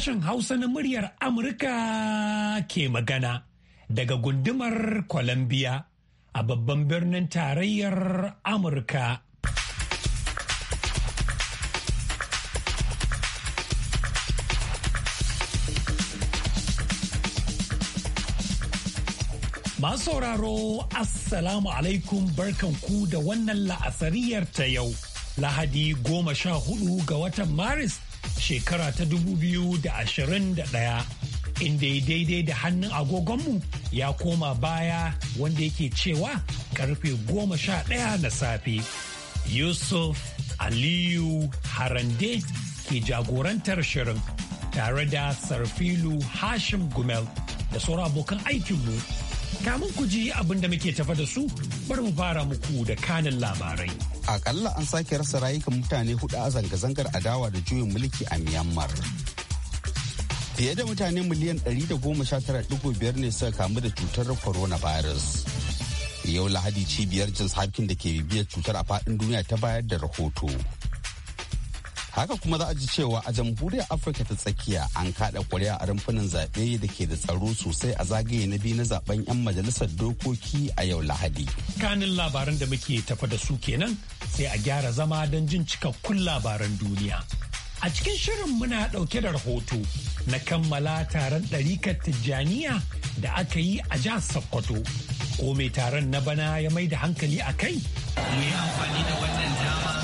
sashen Hausa na muryar Amurka ke magana daga gundumar Columbia a babban birnin tarayyar Amurka. Masu sauraro Assalamu alaikum barkan ku da wannan la'asariyar ta yau, Lahadi goma sha hudu ga watan Maris shekara ta 2021 inda ya daidai da hannun agogonmu ya koma baya wanda yake cewa karfe 11 na safe. Yusuf Aliyu Harande ke jagorantar shirin tare da Sarfilu Hashim Gumel da sauran abokan aikinmu Kamun ku ji abin da muke tafa da su bari mu fara muku da kanin labarai. Akalla an sake rasa rayukan mutane hudu a zanga-zangar adawa da juyin mulki a Myanmar. Fiye da mutane miliyan 119.5 ne suka kamu da cutar corona virus Yau Lahadi cibiyar Johns Hopkins da ke bibiyar cutar a faɗin duniya ta bayar da rahoto. haka kuma za a ji cewa a jamhuriyar afirka ta tsakiya an kada kuri'a a rumfunan zaɓe da ke da tsaro sosai a zagaye na biyu na zaben 'yan majalisar dokoki a yau lahadi kanin labaran da muke tafa da su kenan sai a gyara zama don jin cikakkun labaran duniya a cikin shirin muna ɗauke da rahoto na kammala taron ɗarikar tijjaniya da aka yi a jihar sokoto ko mai taron na bana ya mai da hankali a kai mu yi amfani da wannan dama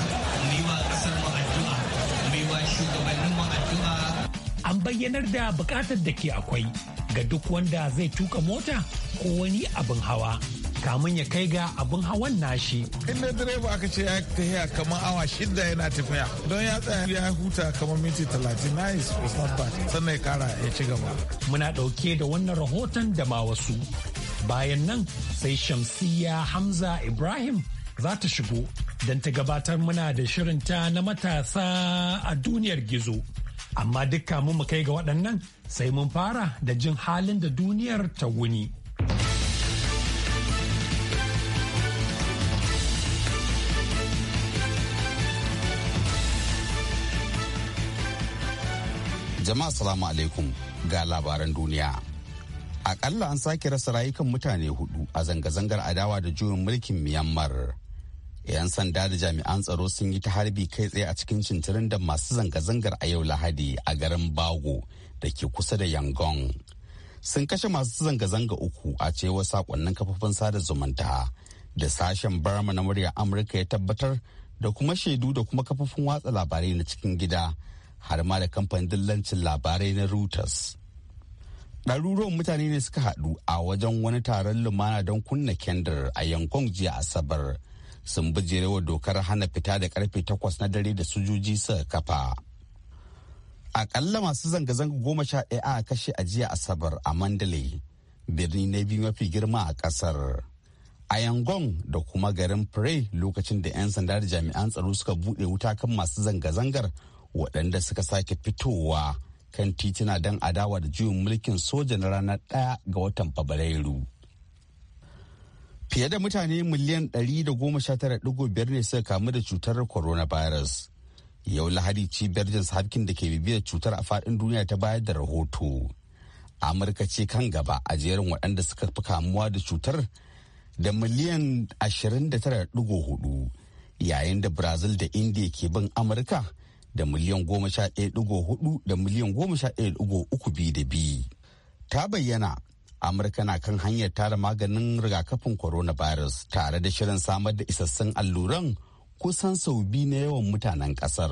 addu'a. An bayyanar da bukatar da ke akwai ga duk wanda zai tuka mota ko wani abin hawa. kamun ya kai ga abin hawan nashi. In da direba aka ce ya tafiya kamar awa shida yana tafiya don ya tsaya ya huta kamar minti talatin na yi sannan ya kara ya ci gaba. Muna ɗauke da wannan rahoton da ma wasu. Bayan nan sai Shamsiyya Hamza Ibrahim za ta shigo don ta gabatar muna da shirinta na matasa a duniyar gizo. Amma dukka mu kai ga waɗannan sai mun fara da jin halin da duniyar ta wuni. Jama'a salamu alaikum ga labaran duniya. Akalla an sake rasa rayukan mutane hudu a zanga-zangar adawa da juyin mulkin Myanmar. 'yan sanda da jami'an tsaro sun yi ta harbi kai tsaye a cikin cintirin da masu zanga-zangar a yau lahadi a garin bago da ke kusa da yangon sun kashe masu zanga-zanga uku a cewa sakonnin kafafen sada zumunta da sashen barma na murya amurka ya tabbatar da kuma shaidu da kuma kafofin watsa labarai na cikin gida har ma da kamfanin dillancin labarai na reuters ɗaruruwan mutane ne suka haɗu a wajen wani taron lumana don kunna kendir a yankon jiya asabar sun bijirewa dokar hana fita da karfe takwas na dare da sojoji suka kafa. Akalla masu zanga-zanga goma sha ɗaya a kashe ajiya Asabar a Mandalay, birni na biyu mafi girma a ƙasar. A Yangon da kuma garin Pre lokacin da 'yan sanda da jami'an tsaro suka buɗe wuta kan masu zanga-zangar waɗanda suka sake fitowa kan tituna don adawa da juyin mulkin soja na ranar ɗaya ga watan Fabrairu. Fiye da mutane miliyan 119.5 ne suka kamu da cutar coronavirus. Yau Lahadi cibiyar Johns Hopkins da ke bibiyar cutar a faɗin duniya ta bayar da rahoto. Amurka ce kan gaba a jerin waɗanda suka fi kamuwa da cutar da miliyan 29.4 yayin da Brazil da India ke bin Amurka da miliyan 11.4 da miliyan 11.3 biyu da biyu. Ta bayyana amurka na kan hanyar tara maganin rigakafin coronavirus tare da shirin samar da isassun alluran kusan sau biyu na yawan mutanen kasar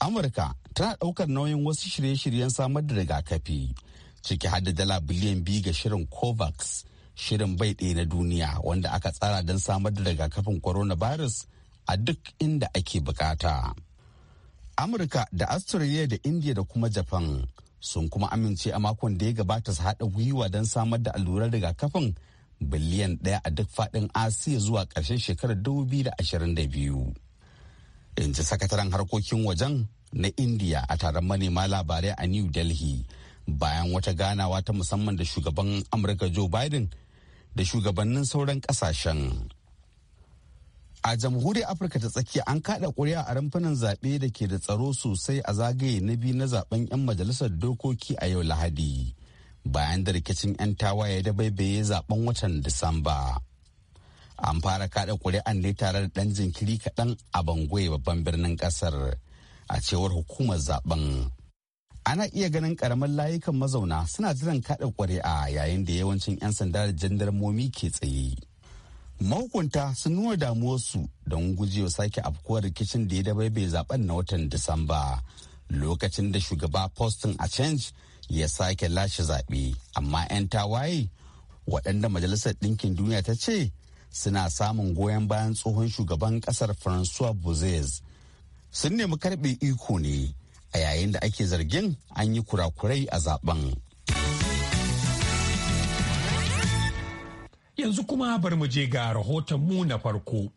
amurka tana daukar nauyin wasu shirye-shiryen samar da rigakafi ciki har da dala biliyan biyu ga shirin covax shirin bai ɗaya na duniya wanda aka tsara don samar da rigakafin coronavirus a duk inda ake bukata amurka da australia da india da kuma japan sun kuma amince a makon da ya gabata su haɗa gwiwa don samar da allurar rigakafin biliyan ɗaya a duk faɗin asiya zuwa ƙarshen shekarar 2022 in ji sakataren harkokin wajen na indiya a taron manema labarai a new delhi bayan wata ganawa ta musamman da shugaban amurka joe biden da shugabannin sauran ƙasashen A jamhuriyar Afirka ta tsakiya an kada kuri'a a rumfunan zaɓe da ke da tsaro sosai a zagaye na biyu na zaben 'yan majalisar dokoki a yau Lahadi. Bayan da rikicin 'yan tawaye da baibaye zaben watan Disamba. An fara kada kuri'an ne tare da ɗan jinkiri kaɗan a Bangoye babban birnin ƙasar a cewar hukumar zaben. Ana iya ganin ƙaramin layukan mazauna suna jiran kada kuri'a yayin da yawancin 'yan sanda da jandarmomi ke tsaye. mahukunta sun nuna damuwarsu don gujewa sake afkuwar rikicin da ya dabaibe zaben na watan disamba lokacin da shugaba postin a change ya sake lashe zaɓe amma 'yan tawaye waɗanda majalisar ɗinkin duniya ta ce suna samun goyon bayan tsohon shugaban ƙasar francois bozes sun nemi karɓe iko ne a yayin da ake zargin an yi kurakurai a zaben Yanzu kuma bar mu je ga rahoton mu na farko.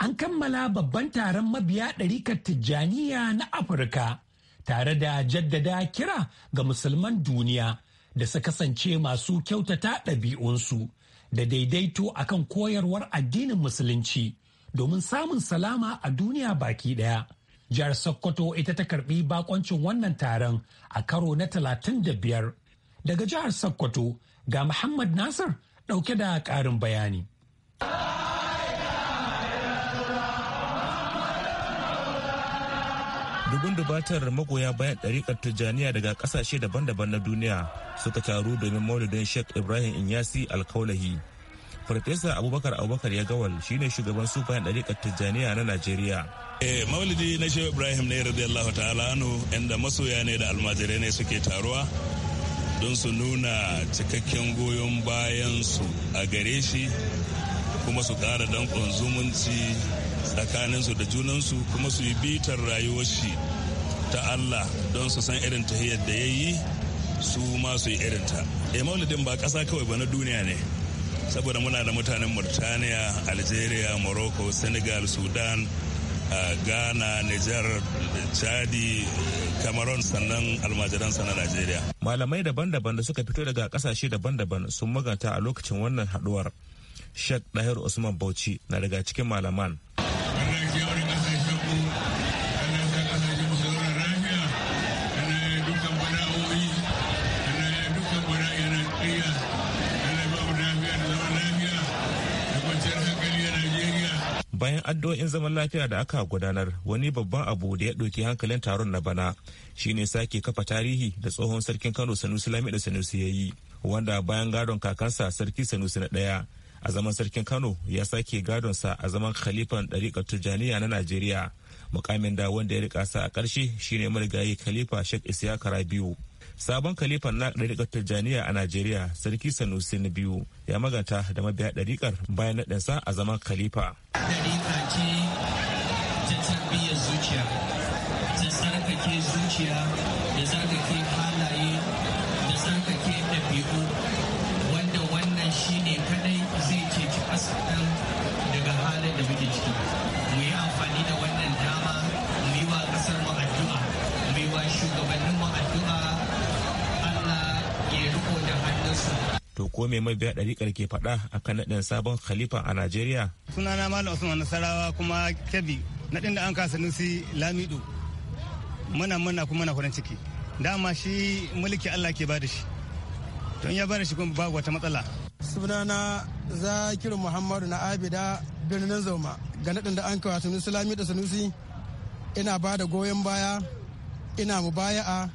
An kammala babban taron mabiya ɗarikar Tijjaniya na Afirka tare da jaddada kira ga musulman duniya da su kasance masu kyautata ɗabi'unsu da daidaito akan koyarwar addinin musulunci domin samun salama a duniya baki ɗaya. Jihar Sokoto ita ta karɓi bakoncin wannan taron a karo na 35 daga jihar Sokoto ga Muhammad Nasir dauke da karin bayani. dubun dubatar magoya bayan ɗariƙar tijjaniya daga ƙasashe daban-daban na duniya suka taru domin maulidin sheikh ibrahim inyasi alkaulahi farfesa abubakar abubakar ya gawal shine shugaban su bayan ɗariƙar tijjaniya na najeriya eh, maulidi na sheikh ibrahim ne radiyallahu ta'ala anu inda masoya ne da almajirai ne suke taruwa don su nuna cikakken goyon bayan su a gare shi kuma su ƙara danƙon zumunci tsakaninsu da junansu kuma su yi bitar rayuwar shi ta Allah don su san irin tahiyar da ya yi su ma su yi irinta. E eh, maulidin ba ƙasa kawai ba na duniya ne saboda muna da mutanen Murtaniya, Algeria, Morocco, Senegal, Sudan, ghana niger chadi cameroon sannan almajiransa na nigeria malamai daban-daban da suka fito daga kasashe daban-daban sun maganta a lokacin wannan haduwar shek dahir usman bauchi na daga cikin malaman bayan addu'o'in zaman lafiya da aka gudanar wani babban abu da ya ɗauki hankalin taron na bana shine sake kafa tarihi da tsohon sarkin kano sanusi lami da sanusi ya yi wanda bayan gadon kakansa sarki sanusi na ɗaya a zaman sarkin kano ya sake gadonsa a zaman khalifan ɗariƙar tijjaniya na najeriya mukamin da wanda ya rika sa a ƙarshe shine marigayi khalifa shek isiyaka rabiu sabon kalifan na ɗariƙar tijjaniya a najeriya sarki sanusi na biyu ya maganta da mabiya ɗariƙar bayan naɗinsa a zaman kalifa ɗariƙa ce ta tarbiyyar zuciya ta tsarkake zuciya da tsarkake mai mabiya ɗariƙar ke faɗa a kan naɗin sabon khalifa a najeriya sunana malam usman nasarawa kuma kebbi naɗin da an kasa nusi lamido muna muna kuma na kwanan ciki dama shi mulki allah ke bada shi don ya bada shi kuma ba wata matsala sunana zakiru muhammadu na abida birnin zoma ga naɗin da an kawo sunusi lamido sunusi ina ba da goyon baya ina mubaya'a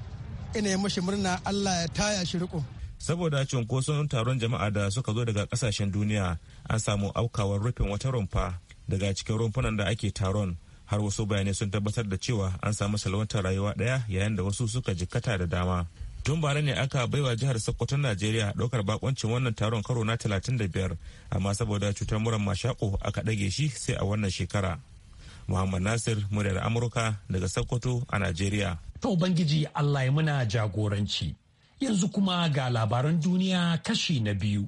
ina yi mashi murna allah ya taya shi riko saboda cunkoson taron jama'a da suka zo daga kasashen duniya an samu aukawar rufin wata rumfa daga cikin rumfunan da ake taron har wasu bayanai sun tabbatar da cewa an samu salwantar rayuwa daya yayin da wasu suka jikkata da dama tun bara ne aka baiwa jihar sokoto najeriya ɗaukar bakoncin wannan taron karo na 35 amma saboda cutar muran mashako aka ɗage shi sai a wannan shekara muhammad nasir muryar amurka daga sokoto a najeriya ta ubangiji allah ya muna jagoranci yanzu kuma ga labaran duniya kashi na biyu.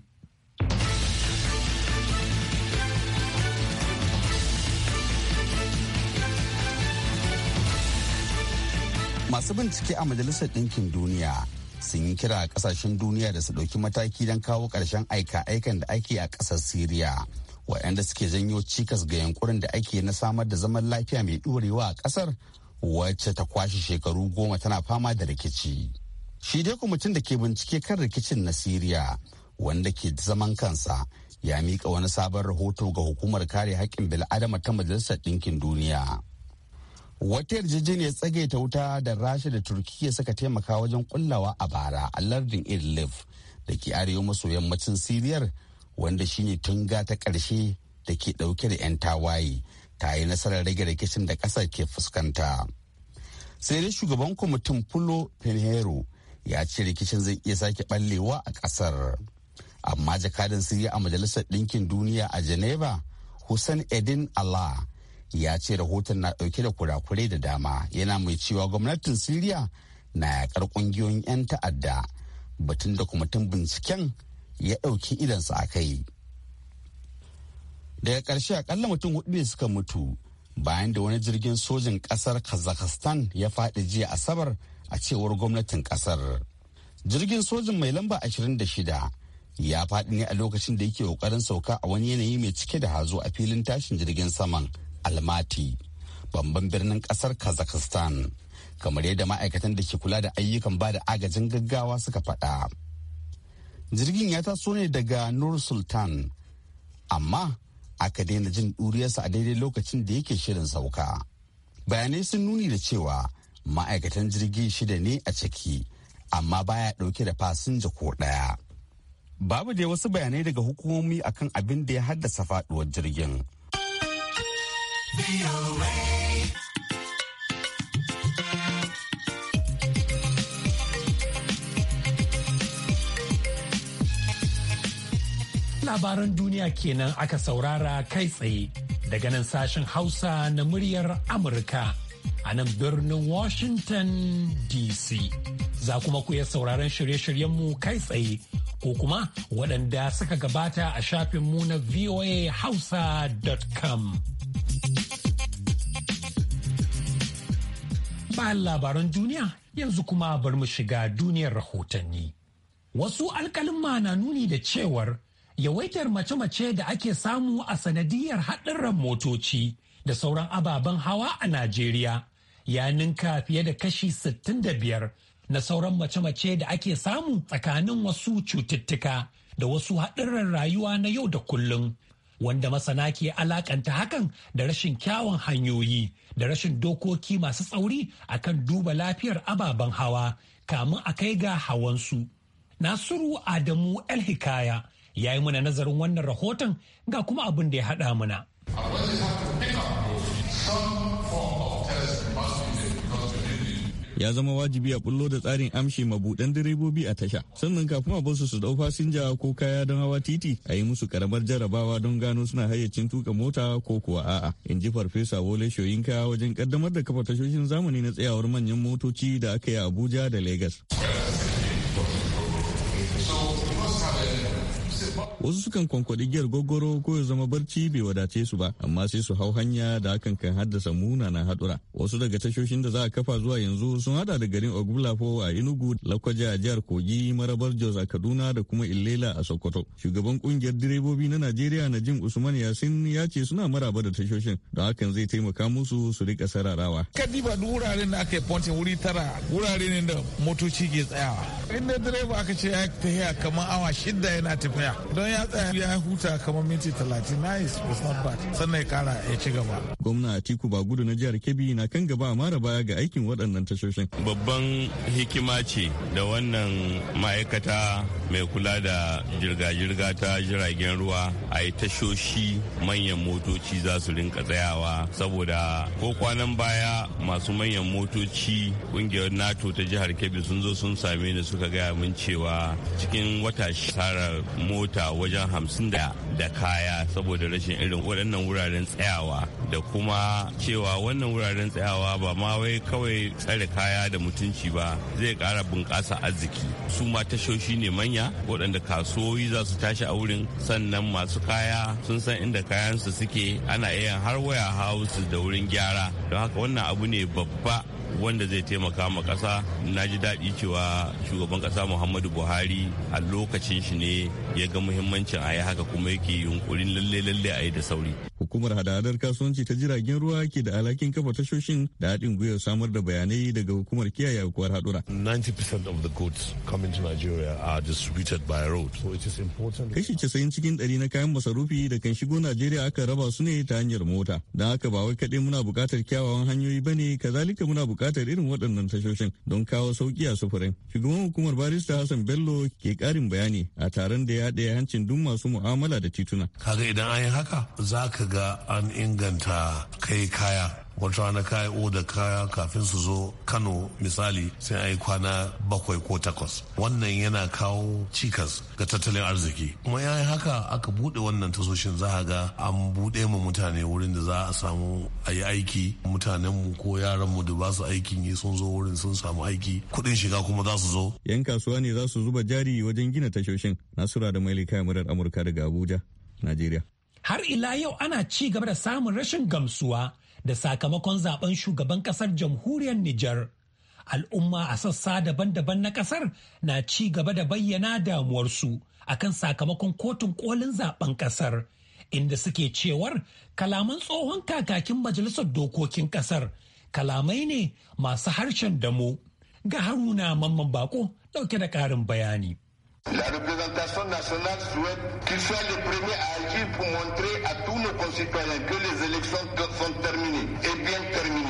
Masu bincike a Majalisar Ɗinkin Duniya sun yi kira a ƙasashen duniya da su ɗauki mataki don kawo ƙarshen aika-aikan da ake a ƙasar Siriya. waɗanda suke janyo cikas ga yankurin da ake na samar da zaman lafiya mai ɗorewa a ƙasar wacce ta kwashe shekaru goma tana fama da rikici. shi dai mutum da ke bincike kan rikicin na siriya wanda ke zaman kansa ya mika wani sabon rahoto ga hukumar kare haƙƙin bil'adama ta majalisar ɗinkin duniya wata yarjejeniyar tsage ta wuta da rasha da Turkiyya suka taimaka wajen kullawa a bara a lardin idlib da ke arewa maso yammacin siriyar wanda shine tunga ta ƙarshe da ke ɗauke da 'yan tawaye ta yi nasarar rage rikicin da ƙasar ke fuskanta sai dai shugaban kwamitin pulo pinheiro ya ce rikicin zai iya sake ɓallewa a ƙasar amma jakadan siriya a majalisar ɗinkin duniya a geneva hussein edin allah ya ce rahoton na ɗauke da kurakurai da dama yana mai cewa gwamnatin siriya na yakar ƙungiyoyin 'yan ta'adda batun da kuma tun binciken ya ɗauki idansa a kai daga ƙarshe akalla mutum hudu ne suka mutu bayan da wani jirgin sojin ƙasar kazakhstan ya faɗi jiya asabar a cewar gwamnatin kasar jirgin sojin mai lamba 26 ya faɗi ne a lokacin da yake kokarin sauka a wani yanayi mai cike da hazo a filin tashin jirgin saman almati babban birnin kasar kazakhstan kamar yadda ma'aikatan da ke kula da ayyukan ba da agajin gaggawa suka faɗa jirgin ya taso ne daga nur sultan amma aka daina jin ɗuriyarsa a daidai lokacin da yake shirin sauka bayanai sun nuni da cewa ma'aikatan jirgi shida ne a ciki amma baya ɗauke da fasinja ko ɗaya babu da wasu bayanai daga hukumomi akan abin da ya haddasa faduwar jirgin labaran duniya kenan aka saurara kai tsaye daga nan sashen hausa na muryar amurka a nan birnin Washington DC. Za kuma ku iya sauraron shirye-shiryenmu kai tsaye ko kuma waɗanda suka gabata a shafinmu na voahausa.com. Bayan labaran duniya yanzu kuma bar mu shiga duniyar rahotanni. Wasu alkalima na nuni da cewar yawaitar mace-mace da ake samu a sanadiyar haɗurran motoci. da sauran ababen hawa a Najeriya ya ninka fiye da kashi 65 na sauran mace-mace da ake samu tsakanin wasu cututtuka da wasu haɗurran rayuwa na yau da kullum. Wanda masana ke alakanta hakan da rashin kyawun hanyoyi da rashin dokoki masu tsauri a kan duba lafiyar ababen hawa kamun a kai ga hawansu. Nasiru Adamu El Hikaya ya yi mana nazarin wannan rahoton ga kuma abin da ya haɗa mana. ya zama wajibi a bullo da tsarin amshi mabudan direbobi a tasha sannan kafin a basu su dau fasinja ko kaya don hawa titi a yi musu karamar jarabawa don gano suna hayyacin tuka mota ko kuwa a'a in ji farfesa wole shoyinka wajen kaddamar da kafa tashoshin zamani na tsayawar manyan motoci da aka yi a abuja da legas. wasu sukan kwankwaɗi giyar gogoro ko ya zama barci bai wadace su ba amma sai su hau hanya da hakan kan haddasa muna na hadura. wasu daga tashoshin da za a kafa zuwa yanzu sun hada da garin ogbulafo a enugu lakwaja a jihar kogi marabar jos a kaduna da kuma illela a sokoto shugaban kungiyar direbobi na najeriya jin usman yasin ya ce suna maraba da tashoshin da hakan zai taimaka musu su rika sararawa kadi ba wuraren da aka yi pontin wuri tara wurare da motoci ke tsayawa inda direba aka ce ya tafiya kamar awa shida yana tafiya don ya tsaya ya huta kamar minti talatin na was not bad sannan ya kara ya ci gaba. Gwamna Atiku gudu na jihar Kebbi na kan gaba a mara baya ga aikin waɗannan tashoshin. Babban hikima ce da wannan ma'aikata mai kula da jirga-jirga ta jiragen ruwa a yi tashoshi manyan motoci za su rinka tsayawa saboda ko kwanan baya masu manyan motoci ƙungiyar nato ta jihar kebbi sun zo sun same ni suka gaya min cewa cikin wata shara mota wajen hamsin da kaya saboda rashin irin waɗannan wuraren tsayawa da kuma cewa wannan wuraren tsayawa ba ma wai kawai tsare kaya da mutunci ba zai kara bunƙasa arziki su ma tashoshi ne manya waɗanda kasuwoyi za su tashi a wurin sannan masu kaya sun san inda kayansu suke ana iya har waya hausu da wurin gyara don haka wannan abu ne babba wanda zai taimaka ma kasa na ji daɗi cewa shugaban kasa muhammadu buhari a lokacin shi ne ya ga muhimmancin a yi haka kuma yake yunkurin lalle lalle a yi da sauri hukumar hadadar kasuwanci ta jiragen ruwa ke da alhakin kafa tashoshin da haɗin gwiwar samar da bayanai daga hukumar kiyaye aukuwar hadura. 90% of the goods coming to kashi casa'in cikin ɗari na kayan masarufi da kan shigo Najeriya aka raba su ne ta hanyar mota don haka ba wai kaɗai muna buƙatar kyawawan hanyoyi ba ne kazalika muna buƙatar bukatar irin waɗannan tashoshin don kawo sauƙi a sufurin. Shugaban hukumar barista Hassan Bello ke ƙarin bayani a taron da ya haɗe hancin duk masu mu'amala da tituna. Kaga idan an yi haka za ka ga an inganta kai kaya wata rana yi oda kaya kafin su zo kano misali sai a yi kwana bakwai ko takwas wannan yana kawo cikas ga tattalin arziki kuma ya yi haka aka bude wannan tasoshin za a ga an bude mu mutane wurin da za a samu a yi aiki mutanenmu ko yaran mu da ba su aikin yi sun zo wurin sun samu aiki kuɗin shiga kuma za su zo yan kasuwa ne za su zuba jari wajen gina tashoshin nasura da mai kayan murar amurka daga abuja najeriya har ila yau ana ci gaba da samun rashin gamsuwa da sakamakon zaben shugaban kasar jamhuriyar Nijar. Al'umma a sassa daban-daban na kasar na ci gaba da bayyana damuwarsu kan sakamakon kotun kolin zaben kasar, inda suke cewar kalaman tsohon kakakin majalisar dokokin kasar kalamai ne masu harshen damo. Ga haruna mamman bako dauke da ƙarin bayani. La représentation nationale souhaite qu'il soit le premier à agir pour montrer à tous nos concitoyens que les élections sont terminées et bien terminées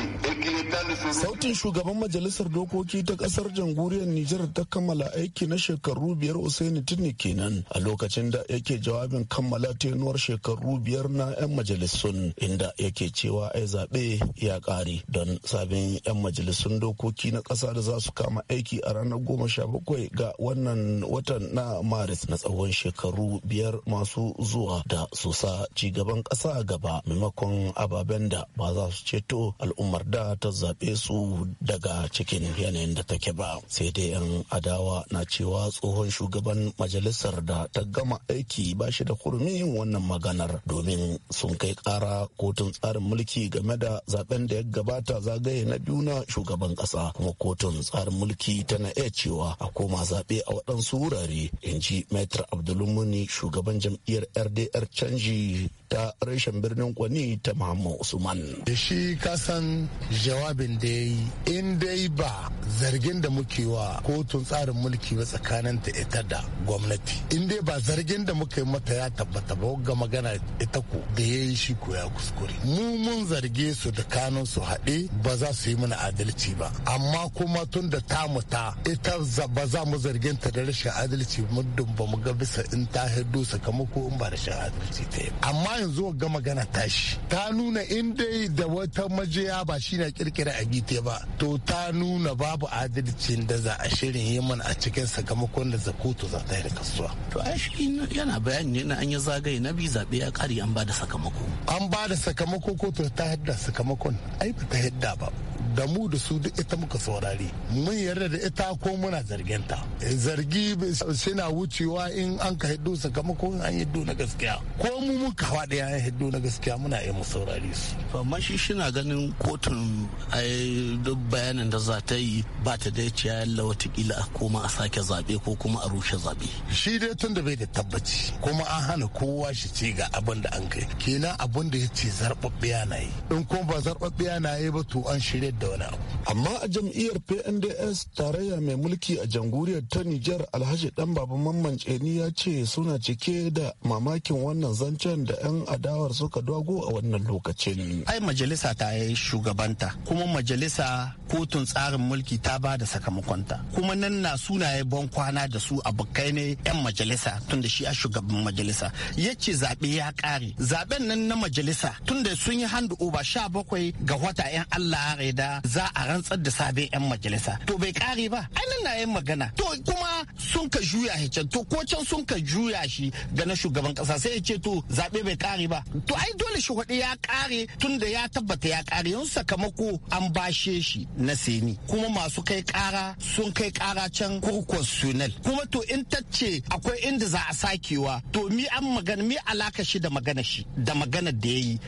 Sautin shugaban majalisar dokoki ta kasar jamhuriyar Nijar ta kammala aiki na shekaru biyar Usaini tuni. kenan a lokacin da yake jawabin kammala tenuwar shekaru biyar na 'yan majalisun inda yake cewa ai zaɓe ya ƙare don sabin 'yan majalisun dokoki na ƙasa da za su kama aiki a ranar goma sha bakwai ga wannan watan na Maris na tsawon shekaru biyar masu zuwa da su sa cigaban ƙasa gaba maimakon ababen da ba za su ceto al'ummar da ta zaɓe su daga cikin yanayin da take ba sai dai yan adawa na cewa tsohon shugaban majalisar da ta gama aiki ba shi da hurumin wannan maganar domin sun kai ƙara kotun tsarin mulki game da zaben da ya gabata zagaye na biyu na shugaban ƙasa kuma kotun tsarin mulki tana iya cewa a koma zaɓe a waɗansu wurare in ji metro abdulmuni shugaban jam'iyyar rdr canji ta reshen birnin kwani ta muhammad usman da shi kasan jawabin da ya yi in dai ba zargin da muke wa kotun tsarin mulki ba tsakanin ta ita da gwamnati in dai ba zargin da muka yi mata ya tabbata ba ga magana ita ko da ya yi shi ko ya kuskure mu mun zarge su da kanun su haɗe ba za su yi mana adalci ba amma kuma tun da ta muta ita ba za mu zargin ta da rashin adalci muddin ba mu ga bisa in ta hiddo sakamako in ba rashin adalci ta yi amma yanzu ga magana tashi ta nuna in dai da wata majiya ba shi shine kirkira a gite ba to ta nuna babu adalcin da za a shirin yi mana a cikin sakamakon da zakoto za ta yi da kasuwa to a shi yana bayani ne na an yi zagaye na bi zaɓe ya kare an ba da sakamako an ba da sakamako ko to ta hidda sakamakon ai ba ta hidda ba da mu da su duk ita muka saurari mun yarda da ita ko muna zarginta eh, zargi suna wucewa in an ka hiddo sakamako an yi na gaskiya ko mu kawa da yayin hiddo na gaskiya muna iya mu saurari su amma shi shina ganin kotun ai duk bayanin da za ta yi ba ta dai ciya yalla watakila a koma a sake zabe ko kuma a rushe zabe shi dai tun da bai da tabbaci kuma an hana kowa shi ce ga abin da an kai kenan abin da ya ce zarɓaɓɓiya na yi in kuma ba zarbabbiya na yi ba to an shirya da wani abu amma a jam'iyyar pnds tarayya mai mulki a jamhuriyar ta nijar alhaji dan baba mamman tseni ya ce suna cike da mamakin wannan zancen da 'yan adawar suka dogo a wannan lokacin ai majalisa ta yi shugabanta kuma majalisa kotun tsarin mulki ta ba da sakamakonta kuma nan na sunaye ban kwana da su abokai ne 'yan majalisa tun da shi a shugaban majalisa ya ce zaɓe ya ƙare zaɓen nan na majalisa tun da sun yi hand over sha bakwai ga wata 'yan allah ya za a rantsar da sabon 'yan majalisa to bai kare ba ainihin na yin magana to kuma sun ka juya shi can to ko can sun ka juya shi ga na shugaban kasa sai ya ce to zaɓe bai kare ba to ai dole shi hudu ya kare tun da ya tabbata ya kare yun sakamako an bashe shi na seni kuma masu kai kara sun kai kara can sunal kuma to in tacce akwai inda za a sakewa to mi an magana mi alaka shi da magana shi da magana da ya yi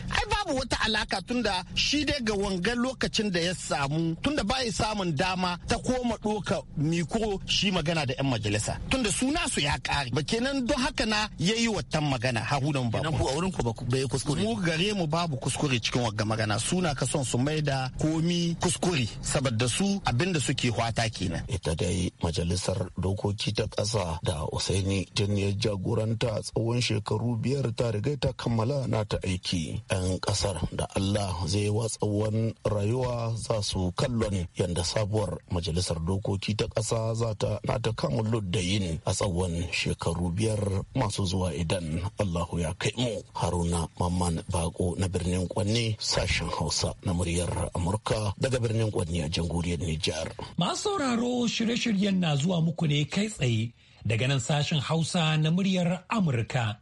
babu wata alaka tunda shi dai ga wangan lokacin da ya samu tunda bai samun dama ta koma doka miko shi magana da 'yan majalisa tunda suna su ya kare ba kenan don haka na yayi wattan magana hahunan ba ku a wurin ku ba ya kuskure mu gare mu babu kuskure cikin wagga magana suna ka son su da komi kuskure saboda su abinda suke hwata kenan ita dai majalisar dokoki ta kasa da usaini tun ya jagoranta tsawon shekaru biyar ta riga ta kammala na ta aiki 'yan kasar da allah zai tsawon rayuwa za su kallon yadda sabuwar majalisar dokoki ta ƙasa za ta nata kamun luddayin a tsawon shekaru biyar masu zuwa idan allahu ya kai mu haruna mamman bako na birnin kwanne sashen hausa na muryar amurka daga birnin kwanne a jamhuriyar nijar masu sauraro shirye-shiryen na zuwa muku ne kai tsaye daga nan sashen hausa na muryar amurka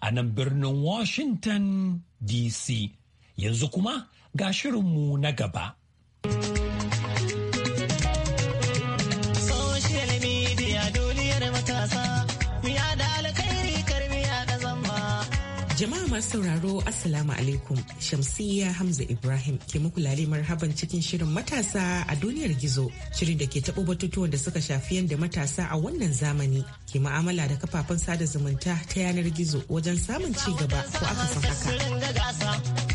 a nan birnin washington dc Yanzu kuma ga shirinmu na gaba. Jama'a masu sauraro Assalamu alaikum Shamsiyya Hamza Ibrahim ke muku lale marhaban cikin shirin matasa a duniyar gizo shirin da ke taɓo batutuwan da suka shafi yadda matasa a wannan zamani ke ma'amala da kafafen sada zumunta ta yanar gizo wajen samun ci gaba ko aka san haka.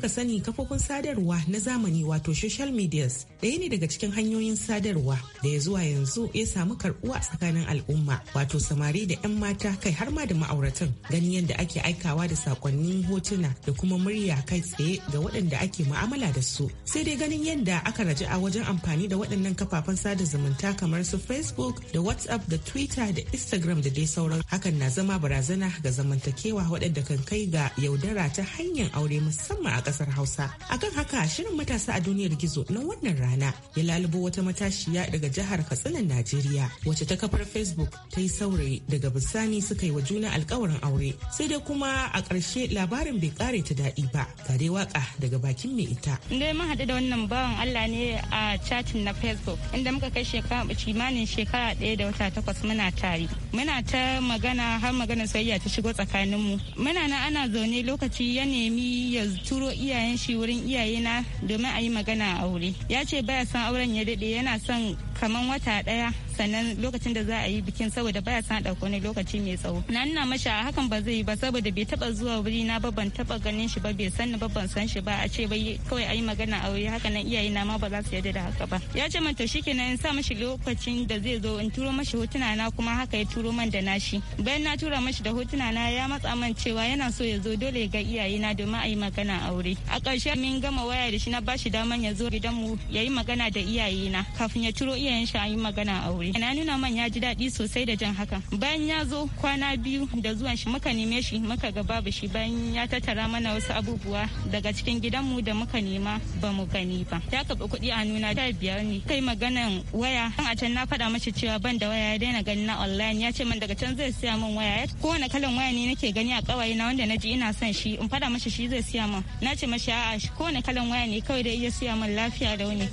kuka sani kafofin sadarwa na zamani wato social medias ɗaya ne daga cikin hanyoyin sadarwa da ya zuwa yanzu ya samu karɓuwa tsakanin al'umma wato samari da 'yan mata kai har ma da ma'auratan gani yadda ake aikawa da sakonnin hotuna da kuma murya kai tsaye ga waɗanda ake mu'amala da su sai dai ganin yadda aka raji a wajen amfani da waɗannan kafafen sada zumunta kamar su facebook da whatsapp da twitter da instagram da dai sauran hakan na zama barazana ga zamantakewa waɗanda kan kai ga yaudara ta hanyar aure musamman a kasar Hausa. Akan haka shirin matasa a duniyar gizo na wannan rana ya lalubo wata matashiya daga jihar Katsinan Najeriya wace ta kafar Facebook ta yi saurayi daga bisani suka yi wa juna alkawarin aure. Sai dai kuma a ƙarshe labarin bai kare ta daɗi ba. Ga dai waka daga bakin mai ita. Dai mun haɗu da wannan bawan Allah ne a chatin na Facebook inda muka kai shekara kimanin shekara ɗaya da wata takwas muna tare. Muna ta magana har magana soyayya ta shigo tsakaninmu. Muna na ana zaune lokaci ya nemi ya turo iyayen shi wurin iyayena domin a yi magana a aure ya ce baya son auren ya daɗe yana son kaman wata ɗaya sannan lokacin da za a yi bikin saboda baya san ɗauko ne lokaci mai tsawo na nuna masha hakan ba zai yi ba saboda bai taba zuwa wuri na ba ban taba ganin shi ba bai san ba ban san shi ba a ce bai kawai yi magana aure haka nan iyaye na ma ba za su yarda da haka ba ya ce man to shikenan in sa mashi lokacin da zai zo in turo mashi hotuna na kuma haka ya turo man da nashi bayan na tura mashi da hotuna na ya matsa man cewa yana so ya zo dole ga iyaye na domin ayi magana aure a ƙarshe min gama waya da shi na bashi daman ya zo gidanmu ya yi magana da iyaye na kafin ya turo iyayen shi yi magana aure kokari na nuna man ya ji daɗi sosai da jan haka bayan ya zo kwana biyu da zuwan shi muka neme shi muka ga babu shi bayan ya tattara mana wasu abubuwa daga cikin gidanmu da muka nema ba mu gani ba ya kaɓa kuɗi a nuna da biyar ne kai maganan waya kan a can na faɗa mashi cewa ban da waya ya daina gani na online ya ce min daga can zai siya min waya kowane kalan waya ne nake gani a ƙawaye na wanda na ji ina son shi in faɗa mashi shi zai siya min na ce mashi a'a kowane kalan waya ne kawai da iya siya min lafiya da wani.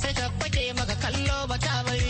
sai ta kwake maka kallo ba ta bari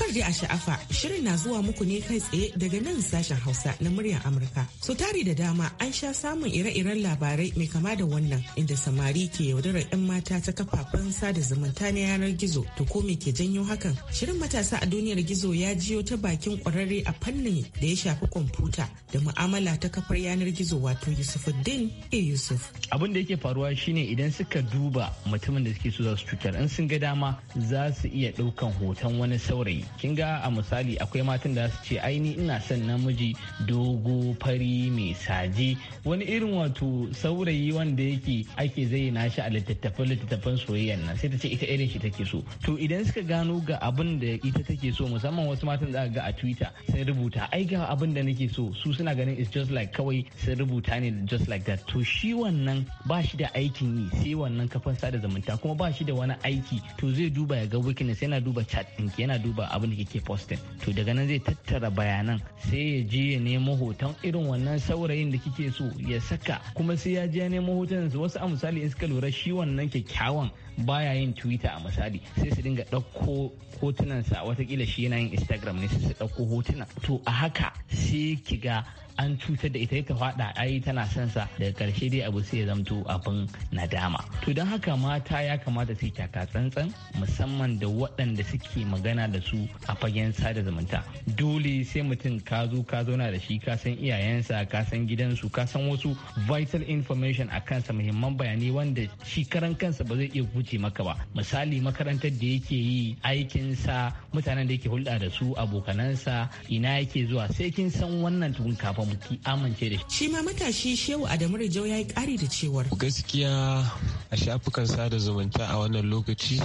Kar dai a sha'afa shirin na zuwa muku ne kai tsaye daga nan sashen Hausa na muryar Amurka. So tari da dama an sha samun ire-iren labarai mai kama da wannan inda samari ke yaudarar 'yan mata ta kafafen sada zumunta na yanar gizo to ko me ke janyo hakan? Shirin matasa a duniyar gizo ya jiyo ta bakin kwararre a fannin da ya shafi kwamfuta da mu'amala ta kafar yanar gizo wato Yusufuddin e Yusuf. Abin da yake faruwa shine idan suka duba mutumin da suke so za su cutar in sun ga dama za su iya ɗaukan hoton wani saurayi kin ga a misali akwai matan da su ce aini ina son namiji dogo fari mai saje wani irin wato saurayi wanda yake ake zayyana shi a littattafan littattafan soyayyan nan sai ta ce ita irin shi take so to idan suka gano ga abin da ita take so musamman wasu matan za ga a twitter sun rubuta ai ga abin da nake so su suna ganin it's just like kawai sun rubuta ne just like that to shi wannan ba shi da aikin yi sai wannan kafan sada zumunta kuma ba shi da wani aiki to zai duba ya ga wikinis yana duba chat ɗinki yana duba abin da kike posting to daga nan zai tattara bayanan sai ya je ya nemo hoton irin wannan saurayin da kike so ya saka kuma sai ya je ya nemo hoton wasu a misali in suka lura shi wannan kyakkyawan baya yin twitter a misali sai su dinga ɗauko hotunansa watakila shi yana yin instagram ne sai su ɗauko hotuna to a haka sai ki ga an cutar da ita ya faɗa ai tana son sa daga karshe dai abu sai ya zamto abin nadama to don haka mata ya kamata su taka tsantsan musamman da waɗanda suke magana da su a fagen sada zumunta dole sai mutum ka zo ka zauna da shi ka san iyayensa ka san gidansu ka san wasu vital information a kansa muhimman bayanai wanda shi karan kansa ba zai iya wuce maka ba misali makarantar da yake yi aikinsa mutanen da yake hulɗa da su abokanansa ina yake zuwa sai kin san wannan tukun kafin biki amince da shi. Shi ma matashi Shehu Adamu Rijau ya yi ƙari da cewar. Gaskiya a shafukan sada zumunta a wannan lokaci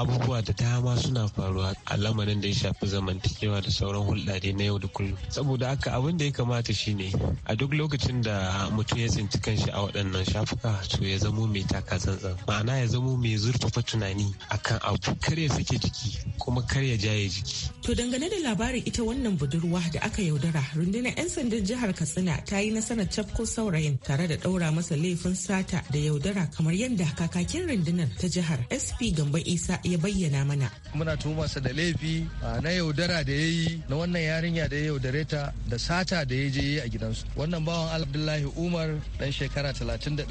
abubuwa da dama suna faruwa a lamarin da ya shafi zamantakewa da sauran hulɗa dai na yau da kullum saboda haka abin da ya kamata shine a duk lokacin da mutum ya tsinci kanshi a waɗannan shafuka to ya zamo mai taka tsantsan ma'ana ya zamo mai zurfafa tunani akan abu kar ya sake jiki kuma kar ya jaye jiki to dangane da labarin ita wannan budurwa da aka yaudara rundunar 'yan sandan jihar katsina ta yi nasarar cafko saurayin tare da ɗaura masa laifin sata da yaudara kamar yadda kakakin rundunar ta jihar sp gamba isa ya bayyana mana. Muna tuhuma sa da laifi na yaudara da ya yi na wannan yarinya da ya yaudare ta da sata da ya je a gidansu. Wannan bawan Abdullahi Umar dan shekara 31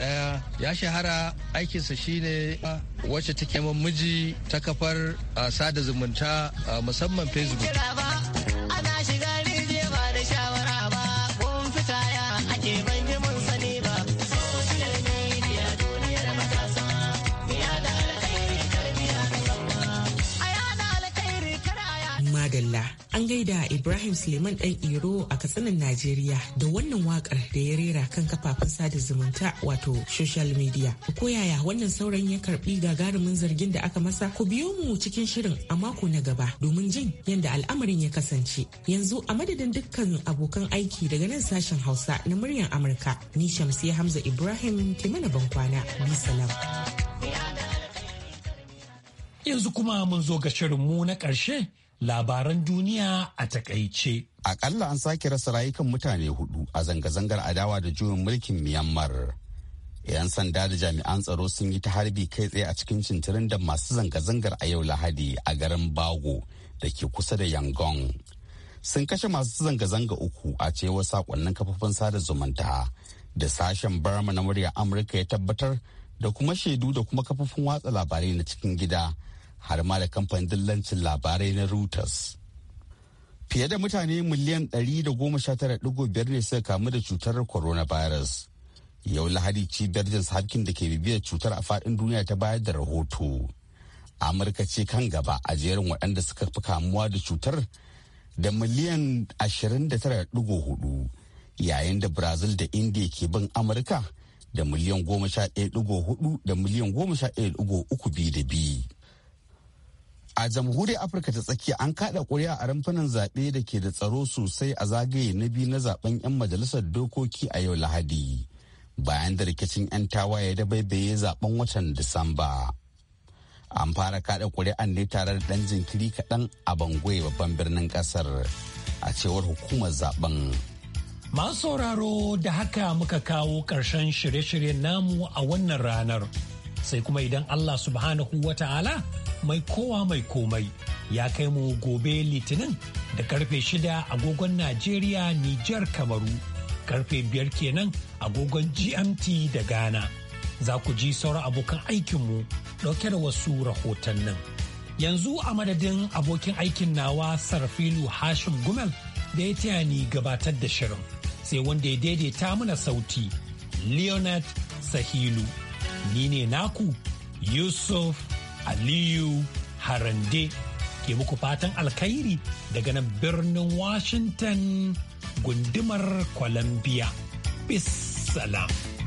ya shahara aikinsa shine wacce take miji ta kafar sada zumunta musamman Facebook. An gaida Ibrahim Suleiman ɗan Iro a katsinan Najeriya da wannan wakar da ya rera kan kafafen sada zumunta wato social media. Ko yaya wannan sauran ya karbi gagarumin zargin da aka masa ku biyo mu cikin shirin a mako na gaba domin jin yadda al'amarin ya kasance. Yanzu a madadin dukkan abokan aiki daga nan sashen Hausa na muryar Amurka ni Shamsiyya Hamza Ibrahim ke mana bankwana. Bi salam. Yanzu kuma mun zo ga shirinmu na ƙarshe labaran duniya a takaice. Akalla an sake rasa rayukan mutane hudu a zanga-zangar adawa da juyin mulkin Myanmar. 'Yan sanda da jami'an tsaro sun yi ta harbi kai tsaye a cikin cintirin da masu zanga-zangar a yau Lahadi a garin Bago da ke kusa da Yangon. Sun kashe masu zanga-zanga uku a cewar sakonnin kafafen sada zumunta da sashen Burma na murya Amurka ya tabbatar da kuma shaidu da kuma kafofin watsa labarai na cikin gida. har ma da kamfanin dillancin labarai na Reuters. Fiye da mutane miliyan 119.5 ne suka kamu da cutar coronavirus. Yau Lahadi cibiyar Jins Harkin da ke bibiyar cutar a faɗin duniya ta bayar da rahoto. Amurka ce kan gaba a jerin waɗanda suka fi kamuwa da cutar da miliyan 29.4 yayin da Brazil da India ke bin Amurka da miliyan 11.4 da miliyan 11.3 biyu da biyu. a jamhuriyar afirka ta tsakiya an kada kuri'a a rumfunan zaɓe da ke da tsaro sosai a zagaye na biyu na zaben 'yan majalisar dokoki a yau lahadi bayan da rikicin 'yan tawaye da baibaye zaben watan disamba an fara kada kuri'an ne tare da ɗan jinkiri kaɗan a bangwe babban birnin ƙasar a cewar hukumar zaben masu sauraro da haka muka kawo ƙarshen shirye-shiryen namu a wannan ranar sai kuma idan Allah subhanahu wa ta'ala mai kowa mai komai ya kai mu gobe litinin da karfe shida agogon Najeriya Nijar Kamaru karfe biyar kenan agogon GMT da Ghana. Za ku ji sauran abokan aikinmu ɗauke da wasu rahotannin. Yanzu a madadin abokin aikin nawa Sarfilu Hashim Gumel da ya taya ni gabatar da shirin sai wanda ya daidaita mana sauti Leonard Sahilu. Ni ne naku Yusuf Aliyu Harande ke muku fatan alkhairi daga nan birnin Washington gundumar Columbia. Bis salam.